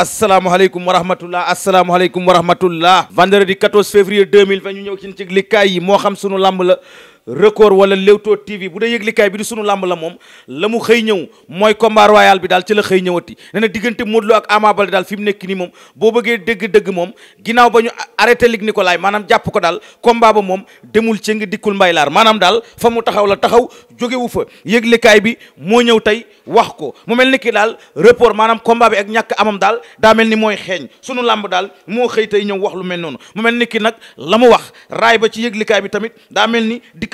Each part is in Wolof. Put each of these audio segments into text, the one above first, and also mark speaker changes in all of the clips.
Speaker 1: asalaamaaleykum wa rahmatullah asalaamaaleykum wa rahmatullah vendredi 14 février 2020 ñu ñëw ci likkaay yi moo xam sunu làmb la record wala Leewtoo TV bu dee yëglikaay bi di sunu làmb la moom la mu xëy ñëw mooy combat royal bi daal ci la xëy ñëwati nee na diggante Modou Lo ak Ama Baldé daal fi mu nekk nii moom boo bëggee dëgg-dëgg moom ginnaaw ba ñu arrêté Luc Nicolaï maanaam jàpp ko daal combat ba moom demul ci nga dikkul mbay laar maanaam daal fa mu taxaw la taxaw jógewu fa yëglikaay bi moo ñëw tey wax ko mu mel ni ki daal report maanaam combat bi ak ñàkk amam daal daa mel ni mooy xeeñ sunu làmb daal moo xëy tey ñëw wax lu mel noonu mu mel ni ki nag la mu wax raay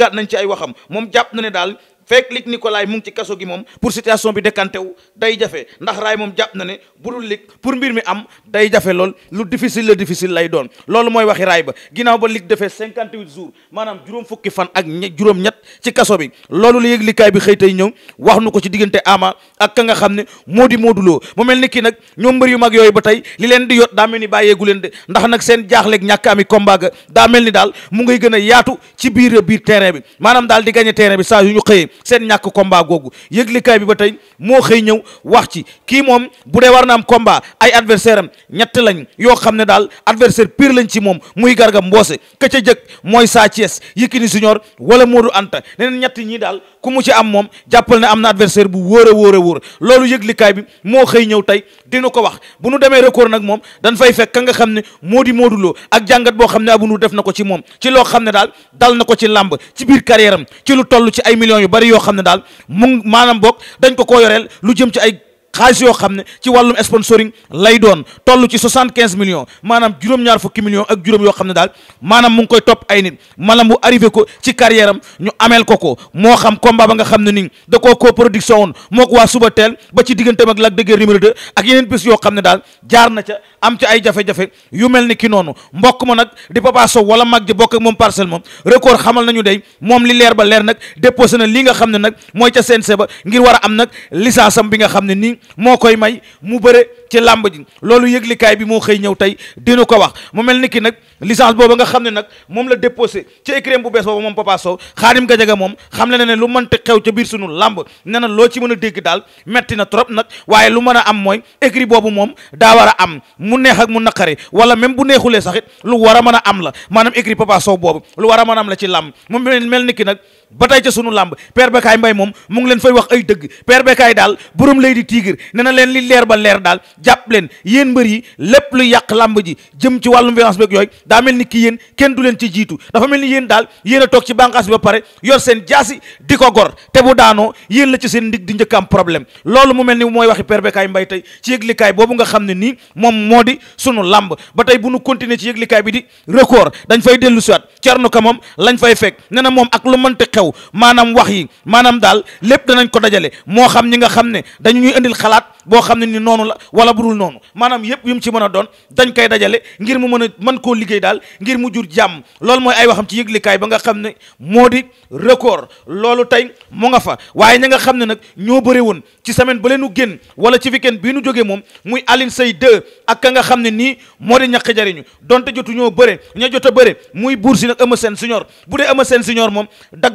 Speaker 1: dikkaat nañ ci ay waxam moom jàpp na ne daal fekk lig Nicolas mu ngi ci kaso gi moom pour situation bi décanté wu day jafe ndax raay moom jàpp na ne bu dul lig pour mbir mi am day jafe lool lu difficile la difficile lay doon loolu mooy waxi raay ba ginnaaw ba lig defee cinquante huit jours maanaam juróom fukki fan ak juróom-ñett ci kaso bi loolu la yëglikaay bi xëy tey ñëw wax nu ko ci diggante ama ak ka nga xam ne moo di Modou Lo mu mel ni kii nag ñoom mbër yu mag yooyu ba tey li leen di yot daa mel ni bàyyeegu leen de ndax nag seen jaaxleeg ñàkk ami combat ga daa ni daal mu ngay gën yaatu ci biir biir terrain maanaam daal di gagné terrain bi saa ñu xëyee seen ñàkk combat googu yëglikaay bi ba tey moo xëy ñëw wax ci kii moom bu dee war na am combat ay adversaire am ñett lañ yoo xam ne daal adversaire pire lañ ci moom muy garga mboose ka ca jëkk mooy Sa Thiès Yékini Junior wala Modou Anta neneen ñetti ñii daal ku mu ci am moom jàppal ne am na adversaire bu wóor a wóor a wóor loolu yëglikaay bi moo xëy ñëw tey dina ko wax bu nu demee record nag moom dañ fay fekk nga xam ne moo di Modou Lo ak jàngat boo xam ne Abou Ndour def na ko ci moom ci loo xam ne daal dal na ko ci làmb ci biir carrière am ci lu toll ci ay millions yu bari yoo xam ne daal mu maanaam boog dañ ko koo yoreel lu jëm ci ay xaalis yoo xam ne ci wàllum sponsoring lay doon toll ci soixante quinze millions maanaam juróom-ñaar fukki millions ak juróom yoo xam ne daal maanaam mu ngi koy topp ay nit maanaam bu arrivé ko ci carrière am ñu ameel ko ko moo xam combat ba nga xam ne nii da koo ko production woon moo ko waa suba teel ba ci digganteem ak Lac de Guiers ak yeneen bis yoo xam ne daal jaar na ca am ca ay jafe-jafe yu mel ni ki noonu mbokk ma nag di Papa Sow wala mag ji bokk ak moom parcelle moom record xamal nañu day moom li leer ba leer nag déposé na li nga xam ne nag mooy ca CNG ba ngir war am nag licence bi nga xam ne nii moo koy may mu bëre ci làmb ji loolu yëglikaay bi moo xëy ñëw tey dina ko wax mu mel ni ki nag licence boobu nga xam ne nag moom la déposé ci écrin bu bees boobu moom Papa Sow Xaadim Gajaga moom xam le ne ne lu mënti xew ca biir sunu làmb ne na loo ci mën a dégg daal metti na trop nag waaye lu mën a am mooy écrit boobu moom daa war a am mu neex ak mu naqari wala même bu neexulee sax it lu war a mën a am la maanaam écrit Papa Sow boobu lu war a mën am la ci làmb mu mel ni ki nag ba tey ca sunu làmb père Bekaay Mbaye moom mu ngi leen fay wax ay dëgg père Bekaay daal borom lay di tigir ne na leen li leer ba leer daal jàpp leen yéen mbër yi lépp lu yàq làmb ji jëm ci wàllu violence beeg yooyu daa mel ni kii yéen kenn du leen ci jiitu dafa mel ni yéen daal yéen a toog ci bànqaas bi ba pare yor seen jaasi di ko gor te bu daanoo yéen la ci seen ndig di njëkk am problème loolu mu mel ni mooy waxi père Bekaay Mbaye tey ci yëglikaay boobu nga xam ne nii moom moo di sunu làmb ba tey bu nu continuer ci yëglikaay bi di record dañ fay dellu siwaat cerno ka moom lañ fay fekk ne na moom ak lu mënti xew xew maanaam wax yi maanaam daal lépp danañ ko dajale moo xam ñi nga xam ne dañu ñuy indil xalaat boo xam ne ni noonu la wala budul noonu maanaam yëpp yu mu ci mën a doon dañ koy dajale ngir mu mën a mën koo liggéey daal ngir mu jur jàmm loolu mooy ay waxam ci yëglikaay ba nga xam ne moo di record loolu tey mu nga fa waaye ña nga xam ne nag ñoo bare woon ci semaine ba leenu génn wala ci weekend bii nu jógee moom muy Alioune Seye 2 ak ka nga xam ne nii moo di ñàkk jariñu donte ñoo bëre ña a bëre bu dee Eumeu Sène Junior moom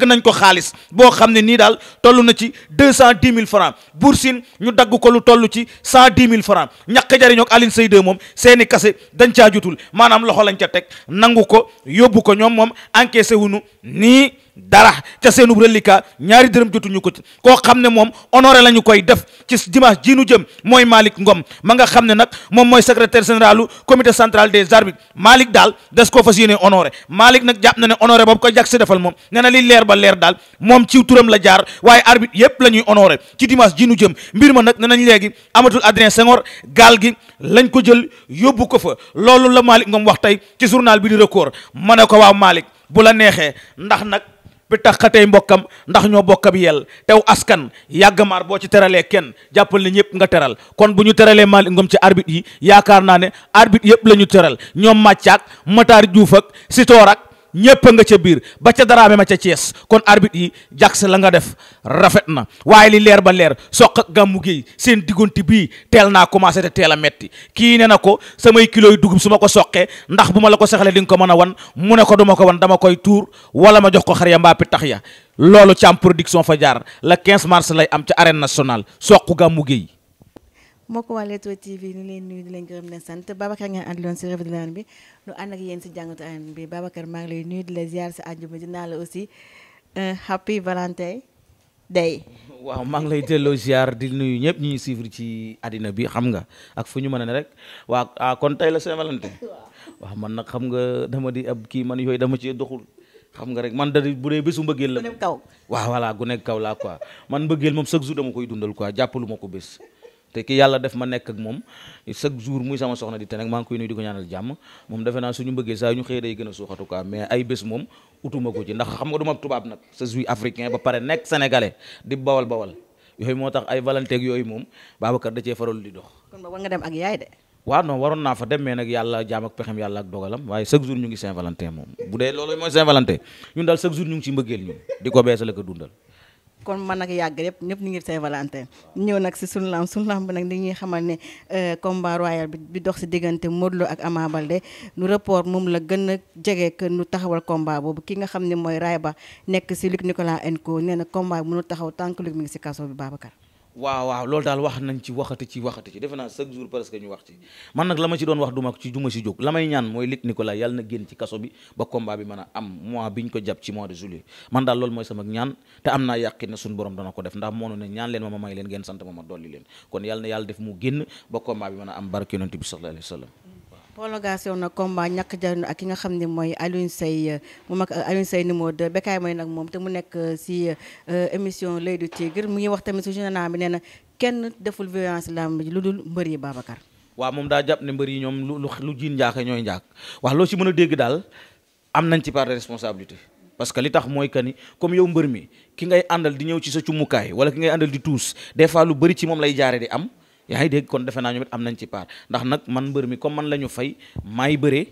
Speaker 1: nañ ko xaalis boo xam ne nii daal toll na ci deux cent dix mille francs Boursine ñu dagg ko lu toll ci cent dix mille francs ñàkk jariñoo ak Alioune Seye 2 moom seeni kase dañ caa jutul maanaam loxo lañ ca teg nangu ko yóbbu ko ñoom moom encaissé wuñu nii dara ca seenub reliquat ñaari dërëm jotuñu ko ci koo xam ne moom honoré la ñu koy def ci dimanche ji nu jëm mooy Malick ngoom ma nga xam ne nag moom mooy secretaire général comité central des arbitres Malick daal des koo fas yéene honoré Malick nag jàpp na ne honoré boobu ko jag si defal moom nee na li leer ba leer daal moom ci turam la jaar waaye arbitre yépp la ñuy honoré ci dimanche jiinu jëm mbir ma nag ne nañ léegi amatul Adrien Senghor gaal gi lañ ko jël yóbbu ko fa loolu la Malick Ngom wax tey ci journal bi di record ma ne ko waaw Malick bu la neexee ndax nag bi tax tey mbokkam ndax ñoo bokk ab yel tew askan yàggamaar boo ci teralee kenn jàppal ne ñëpp nga teral kon bu ñu teralee Malick ngoom ci arbitre yi yaakaar naa ne arbitre yëpp la ñu teral ñoom Mathiak mataar juufak ak Sitor ak ñépp nga ca biir ba ca daraame ma ca Cees kon arbitre yi jax la nga def rafet na waaye li leer ba leer soq ak gàmmu géey seen diggante bii teel naa commencé te teel a metti kii ne na ko samay kilo yu dugub su ma ko soqee ndax bu ma la ko saxalee di nga ko mën a wan mu ne ko duma ko wan dama koy tuur wala ma jox ko xar ya mbaa pitax ya loolu Thiam fa jaar la quinze mars lay am ca arène nationale soq gàmmu géey
Speaker 2: moo ko waa Leewtoo TV ni leen nuyu di leen gërëm leen sant Babacar ngeen ànd loon si revue de l'arène bi nu ànd ak yéen si jàngatu arène bi Babacar maa ngi lay nuyu di la ziar si àjjuma di naa la aussi euh, day waaw maa ngi lay
Speaker 1: delloo ziar di nuyu ñëpp ñu ngi suivre ci àddina bi xam nga ak fu ñu mën na rek waa ah kon tey la Saint-Valentin waaw man nag xam nga dama di ab kii man yooyu dama ci doxul xam nga rek man da bu dee bésu mbëggeel la. gu nekk kaw gu nekk kaw laa quoi man mbëggeel moom chaque jour dama koy dundal quoi jàppalu ma ko bés. te ki yàlla def ma nekk ak moom chaque jour muy sama soxna di te nag maa ngi koy nuyu di ko ñaanal jàmm moom defe naa suñu mbëggee saa ñu xëy day gën a suuxatu quoi mais ay bés moom utuma ko ci ndax xam nga du tubaab nag je suis africain ba pare nekk sénégalais di bawal bawal yooyu moo tax ay valanteeg yooyu moom Babacar da cee faral di dox.
Speaker 2: kon ba war nga dem ak yaay de.
Speaker 1: waaw non waroon naa fa dem mais nag yàlla jaam ak pexem yàlla ak waaye chaque jour ñu ngi Saint-Valentin moom bu dee loolu mooy Saint-Valentin ñun daal chaque jour ñu ngi ci
Speaker 2: kon man nag yàgg yëpp ñëpp ñu ngi Saint Valentin ñëw nag si sunu lamb sunu lamb bi nag li ñuy xamal ne euh, combat royal bi dox si diggante Modou ak Ama Baldé nu rapport moom la gën a jege que nu taxawal combat boobu ki nga xam ne mooy ba nekk si Luc Nicolas Enco nee na combat bi mënul taxaw tànk que mu ngi si kaso bi Babacar.
Speaker 1: waaw waaw loolu daal wax nañ ci waxati ci waxati ci defe naa chaque jour presque ñu wax ci man nag la ci doon wax duma ci duma si jóg la may ñaan mooy Luc Nicolaï yàlla na génn ci kaso bi ba combat bi mën a am mois bi ko jàpp ci mois de juillet man daal loolu mooy sama ñaan te am naa yàqin ne suñu borom dana ko def ndax moo ne ñaan leen ma ma may leen ngeen sant ma ma dolli leen kon yàlla na yàlla def mu génn ba combat bi mën a am barke bi sallallahu wa
Speaker 2: prolongation nag combat ñàkk jarnu ak ki nga xam ne mooy Alioune Seye mu euh, mag euh, Alioune Seye numéro 2 Bécaye mooy nag moom te mu nekk euh, si émission L'Oeil du Tigre mu ngi wax tamit si journal bi nee na kenn deful violence lamb ji lu dul mbër yi Babacar
Speaker 1: waaw moom daa jàpp ne mbër yi ñoom lu lu jiin njaake ñooy njaak wax loo si mën a dégg daal am nañ ci part de responsabilité parce que li tax mooy que ni comme yow mbër mi ki ngay àndal di ñëw ci sa cumukaay wala ki ngay àndal di tuus des fois lu bëri ci moom lay jaare di am yaa ngi dégg kon defe naa ñoom it am nañ ci part ndax nag man mbër mi comme man la ñu fay maay bëree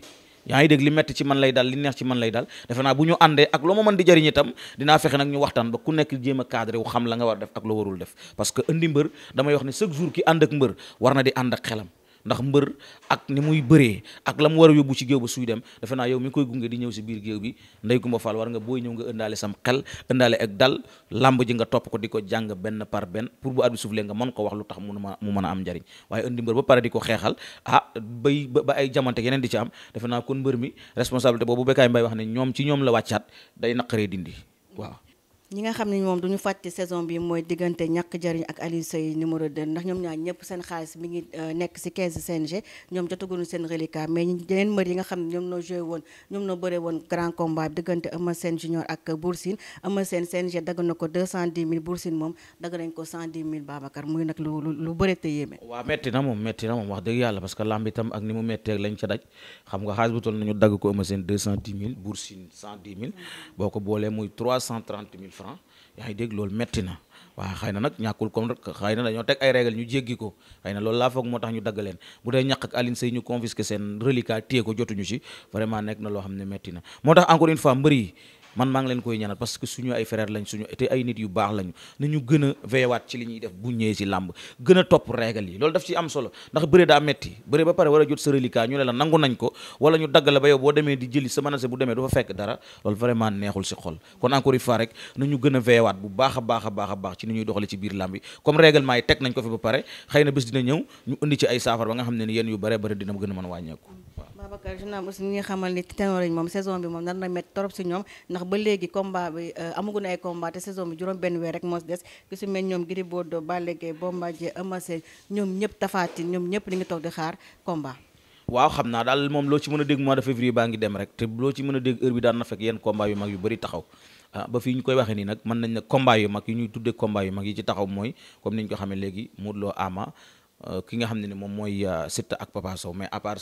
Speaker 1: yaa ngi dégg li metti ci man lay daal li neex ci man lay dal defe naa bu ñu àndee ak loo ma mën di jariñ itam dinaa fexe nag ñu waxtaan ba ku nekk jéema a cadré wu xam la nga war def ak loo warul def parce que indi mbër damay wax ne chaque jour ki ànd ak mbër war na di ànd ak xelam ndax mbër ak ni muy bëree ak la mu war a yóbbu ci géew ba suy dem defe naa yow mi koy gunge di ñëw si biir géew bi Ndeye Coumba Fall war nga booy ñëw nga ëndaale sam xel ëndaale ak dal lamb ji nga topp ko di ko jàng benn par benn pour bu at bi nga mën ko wax lu tax mu mën a am njariñ waaye indi mbër ba pare di ko xeexal ah bay ba ay jamante yeneen di ci am defe naa kon mbër mi responsabilité boobu Bécaye mbay wax ne ñoom ci ñoom la wàccaat day naqaree dindi waaw
Speaker 2: ñi nga xam ne moom duñu fàtte saison bi mooy diggante ñàkk jariñ ak Aliou Seye numéro 2 ndax ñoom ñaar ñëpp seen xaalis mi ngi euh, nekk ci 15 CNG ñoom jotaguñu seen reliquat mais yeneen nga xam ne ñoom noo joué woon ñoom noo bëre woon grand combat diggante Eumeu Sène junior ak Bour Sine Eumeu Sène CNG dagg na ko 210 000 Bour Sine moom dagg nañ ko 110 000 Babacar muy nag lu lu bëre te yéeme waaw metti
Speaker 1: na moom metti na moom wax dëgg yàlla parce que lamb itam ak ni mu mettee ak lañ ca francs yaa ngi dégg loolu metti na waaw xëy na nag ñàkkul comme rek xëy na dañoo teg ay règle ñu jéggi ko xëy na laa foog moo tax ñu dagg leen bu dee ñàkk ak Alioune Seye ñu confisqué seen reliquat téye ko jotuñu ci vraiment nekk na loo xam ne metti moo tax encore une fois mbër yi man maa ngi leen koy ñaanal parce que suñu ay frère lañ suñu te ay nit yu baax lañu na ñu gën a ci li ñuy def bu ñëwee ci làmb gën topp règle yi loolu daf ci am solo ndax bëre daa metti bëre ba pare war a jot sa reliquat ñu ne la nangu nañ ko wala ñu dagg ba yow boo demee di jëli sa manager bu demee du fa fekk dara loolu vraiment neexul ci xol kon encore une fois rek na ñu gën bu baax a baax a baax ci ni ñuy doxale ci biir
Speaker 2: ba léegi combat bi euh, amaguñ ay combat te saison bi juróom benn we rek moo des ki su mel ñoom Gris Bordeaux Balla Gaye Bombardier Eumeu ñoom ñëpp Tapha Tine ñoom ñëpp li ngi toog di xaar combat
Speaker 1: waaw xam naa daal moom loo ci mën a dégg mois de février baa ngi dem rek te loo ci mën a dégg heure bi daan na fekk yenn combat yu mag yu bëri taxaw ah, ba fii ñu koy waxee nii nag mën nañ ne combat yu mag yi ñuy tuddee combat yu mag yi ci taxaw mooy comme ni ñu ko xamee léegi Modou Lo Ama Euh, ki nga xam ne ni moom mooy euh, Siteu ak Papa Sow mais à part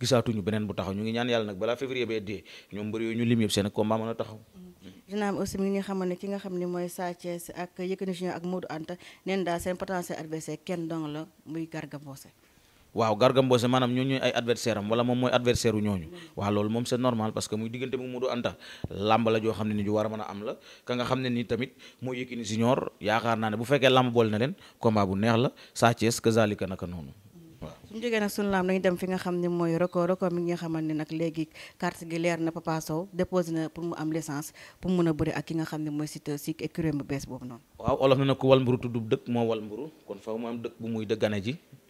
Speaker 1: gisaatuñu beneen bu taxaw ñu ngi ñaan yàlla nag balaa février bee dee ñoom mbër yooyu ñu lim yëpp seen combat mën a taxaw. Mm-hmm.
Speaker 2: dina am aussi mi ne ki nga xam ne mooy Sa Thiès ak Yékini Junior ak Modou Anta neen daal seen potentiel adversaire kenn dong la muy Garga Mbossé.
Speaker 1: waaw Garga Mbossé maanaam ñoo ñooy ay adversaire am wala moom mooy adversaire u ñooñu waaw loolu moom c'est normal parce que muy diggante mu Modou Anta làmb la joo xam ne ni ju war a mën a am la ka nga xam ne ni tamit moo Yékini Junior yaakaar naa ne bu fekkee làmb boole na leen combat bu neex la Sa Thiès kazalika naka noonu
Speaker 2: suñu jógee nag suñu laam dañu dem fi nga xam ne mooy record record mi nga xamante ne nag léegi carte gi leer na Papa Sow déposé na pour mu am licence a bëri ak ki nga xam ne mooy Siteu si écurie bu bees boobu noonu
Speaker 1: waaw olof na nag moo wal mburu kon faw mu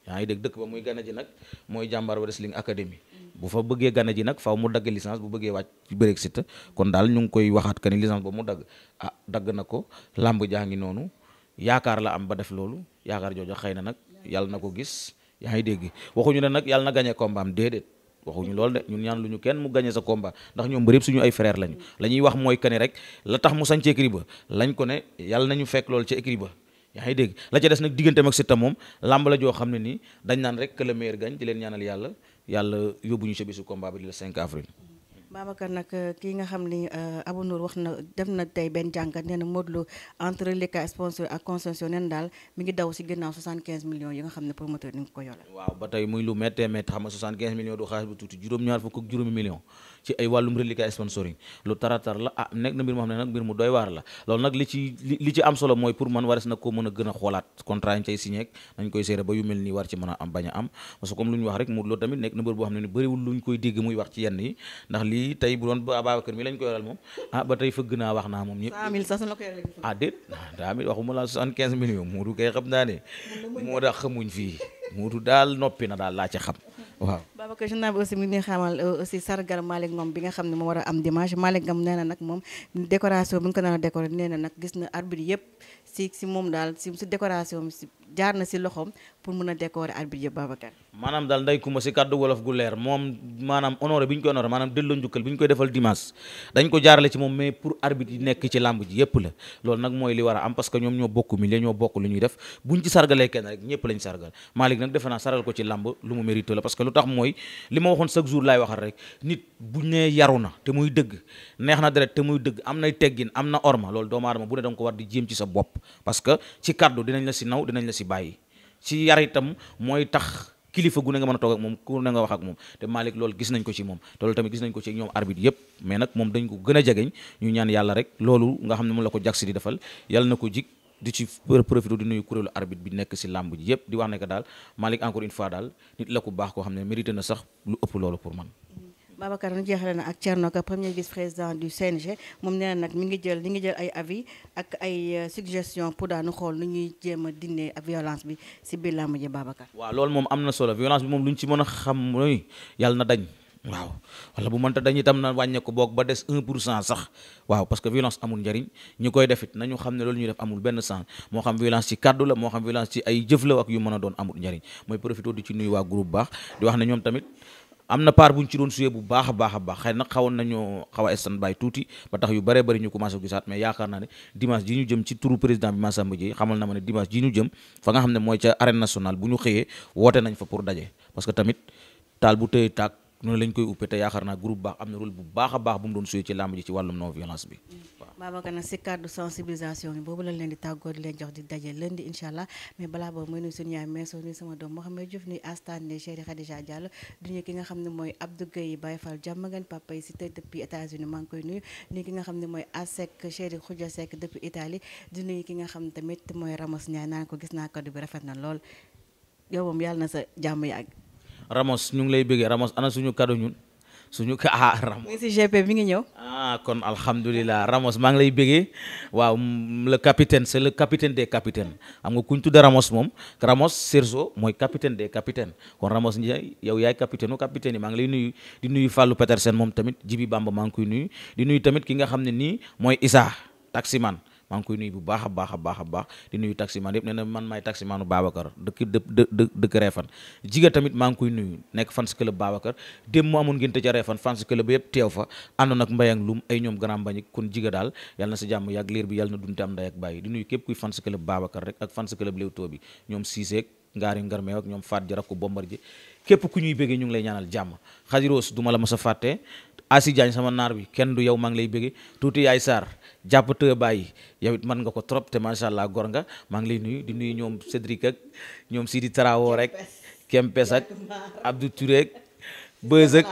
Speaker 1: yaa ngi dégg dëkk ba muy gane ji nag mooy jàmbaar wrestling academy bu fa bëggee gane ji nag faaw mu dagg licence bu bëggee wàcc ci Brexit kon daal ñu ngi koy waxaat que ni licence ba mu dagg ah dagg na ko làmb jaa ngi noonu yaakaar la am ba def loolu yaakaar jooju xëy na nag yàlla na ko gis yaa ngi dégg waxuñu ne nag yàlla na gañe combat am déedéet waxuñu loolu de ñun ñaan lu ñu kenn mu gañe sa combat ndax ñoom bëri suñu ay frère lañu la ñuy wax mooy que rek la tax mu sañ ci ba lañ ko ne yàlla nañu fekk loolu ci écrit ba yaa ngi dégg la ca des nag digganteem ak Siteu moom làmb joo xam ne nii dañ naan rek que le meilleur gagne di leen ñaanal yàlla yàlla yóbbu ñu sa bisu combat bi di le 5 avril.
Speaker 2: Babacar nag euh, kii nga xam ni euh, Abou Nour wax na def na tey benn jàngat nee na Modou Lo entre les cas sponsor ak concession neen daal mi ngi daw si ginnaaw 75 millions yi nga xam ne promoteur ni nga ko yola
Speaker 1: waaw ba tey muy lu méttee métti xam nga 75 millions du tuuti juróom-ñaar fukk ak juróomi ci ay wàllum reliquat sponsoring lu taratar la ah nekk na mbir moo xam ne nag mbir mu doy waar la loolu nag li ci li ci am solo mooy pour man wares na ko mën a gën a xoolaat contrat yi cay nañ koy seere ba yu mel nii war ci mën a am bañ a am parce que comme lu ñu wax rek mu loolu tamit nekk na mbir boo xam ne ni bëriwul luñ koy dégg muy wax ci yenn yi ndax lii tey bu doon Babacar mi lañ koy yoral moom ah ba tey fëgg naa wax naa moom ñëpp ah déet daa mit waxuma la 75 millions Modou kay xam naa ne moo daal noppi na daal laa ci xam waaw
Speaker 2: Babacar journal bi aussi mi ngi xamal euh, aussi sargal Malick moom bi nga xam ne moo war a am dimanche Malick Ngom nee na nag moom décoration bi nga ko nar a décorer nee na nag gis na arbitre yëpp si si moom daal si décoration bi si jaar na si loxoom pour mun a décorer arbitre yëpp Babacar
Speaker 1: maanaam daal nday kuma si kàddu wolof gu leer moom maanaam honoré bi ñu ko honoré maanaam delloo njukkal bi ñu koy defal dimanche dañ ko jaarale ci moom mais pour arbitre yi nekk ci làmb ji yëpp la loolu nag mooy li war am parce ñoom ñoo bokk milieu ñoo bokk lu ñuy def buñ ci sargalee kenn rek ñëpp lañ sargal Malick nag defe naa sargal ko ci làmb lu mu mérite la parce lu tax mooy li ci bàyyi ci yar itam mooy tax kilifa gu ne nga mën a toog moom ku ne nga wax ak moom te Malick loolu gis nañ ko ci moom te loolu tamit gis nañ ko ci ñoom arbitre yëpp mais nag moom dañ ko gën a ñu ñaan yàlla rek loolu nga xam ne moom la ko jag di defal yàlla na ko jik di ci profité di nuyu kuréelu arbitre bi nekk si làmb ji yëpp di wax ne daal Malick encore une fois daal nit la ku baax koo xam ne mérité na sax lu ëpp loolu pour man
Speaker 2: Babacar ñu jeexale na ak Thierno Ka premier vice président du CNG moom nee na nag mi ngi jël mi ngi jël ay avis ak ay euh, suggestion pour daanu xool nu ñuy jéem a dindi ak violence bi si biir làmb ji Babacar. waaw loolu
Speaker 1: moom am na solo violence bi moom lu ñu ci mën a xam mooy yàlla na dañ. waaw wala bu mënta dañ itam na wàññeeku boog ba des 1 pour sax waaw parce que violence amul njariñ ñi koy def it nañu xam ne loolu ñuy def amul benn sant moo xam violence ci kàddu la moo xam violence ay jëf ak yu mën a doon amul njariñ mooy profité di ci nuyu waa groupe wax ne ñoom tamit am na part bu ñu ci doon suyee bu baax a baax a baax xëy nag xawoon nañu xaw a stand tuuti ba tax yu bëree bëri ñu commencé gisaat mais yaakaar naa ne dimanche ji ñu jëm ci turu président bi Massamba Dieye xamal na ma ne dimanche ji ñu jëm fa nga xam ne mooy ca arène nationale bu ñu xëyee woote nañ fa pour daje parce tamit taal bu tëye taak noonu lañ koy uppee te yaakaar naa groupe baax am na rôle bu baax a baax bu mu doon suyee ci làmb ji ci wàllum non violence bi mm.
Speaker 2: Babacar nag si cadre sensibilisation boobu lañ leen di tàggoo leen jox di daje lundi incha allah mais balaa boobu mooy nuyu suñu yaay meesoo nuyu sama doom Mouhamed Diouf nuyu Astane Chéri Khadija Diallo du ñu ki nga xam ne mooy Abdou Gueye Baye Fall jàmmagan papa yi si tey depuis États-Unis maa ngi koy nuyu nuyu ki nga xam ne mooy Asek Chéri Khoudia Seck depuis Italie di nuyu ki nga xam ne tamit mooy Ramos Ndiaye naan ko gis naa kaddu bi rafet na lool yow yàlla na sa jàmm yàgg
Speaker 1: Ramos ñu ngi lay bëgge Ramos ana suñu kado ñun suñu ka ah Ramos. mi ngi ñëw. ah kon alhamdulilah Ramos maa ngi lay bëggee waaw le capitaine c' est le capitaine des capitaines am nga kuñ tudd Ramos moom Ramos Sergio mooy capitaine des capitaines kon Ramos Ndiaye yow yaay capitaine u capitaine yi maa ngi lay nuyu di nuyu Fallou Petersen moom tamit Jibi Bamba maa ngi koy nuyu di nuyu tamit ki nga xam ne nii mooy Issa taximan maa ngi koy nuyu bu baax a baax a baax a baax di nuyu taximaan yëpp nee na man maay taximaanu Babacar dëkk dë dëkk Réfane jiga tamit maa ngi koy nuyu nekk fans club Babacar démb mu amoon ngénte ca Réfane fans club yëpp teew fa àndoon ak Mbaye ak Loum ay ñoom grand bañik kon jiga daal yàlla na sa jàmm yàgg liir bi yàlla na dunte am nday ak bàyyi di nuyu képp kuy fans club Babacar rek ak fans club Leewtoo bi ñoom Cissé ngaari ngarmeew ak ñoom faat ji rakku bombar képp ku ñuy béggee ñu ngi lay ñaanal jàmm xajiroos du ma la mas a fàtte Asi sama naar bi kenn du yow maa ngi lay béggee tuuti yaay Sarr jàpp te bàyyi yow it mën nga ko trop te macha allah gor nga maa ngi lay nuyu di nuyu ñoom Cédric ak ñoom di Tarawo rek Kempes ak Abdou Touré ak Beuz ak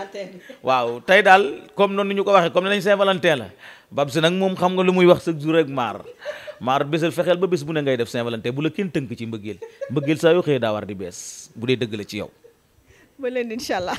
Speaker 1: waaw tey daal comme noonu ñu ko waxee comme ne nañ Saint-Valentin la Babs nag moom xam nga lu muy wax chaque jour rek maar maar bésal fexeel ba bés bu ne ngay def Saint-Valentin bu la kenn tënk ci mbëggeel mbëggeel saa yoo xëyee daa war di bees bu dee dëgg la ci yow.
Speaker 2: ba leen incha allah.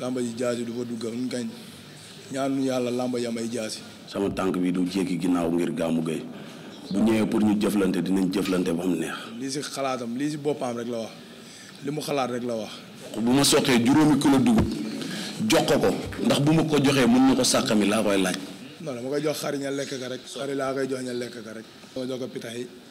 Speaker 3: lamba ji jaasi du fa dugga nun kañ ñaanu yàlla làmba ji am ay jaasi sama tànk bi du jéggi ginnaaw ngir gàmmu gay bu ñëwee pour ñu jëflante dinañ jëflante ba am neex lii si xalaatam lii si boppam rek la wax li mu xalaat rek la wax bu ma soqee juróomi kilo dugub jox ko ko ndax bu ma ko joxee mën na ko sàkkami laa koy laaj non dama koy jox xari lekk ka rek xari laa koy jox ña lekk ka rek dama jox ko pitax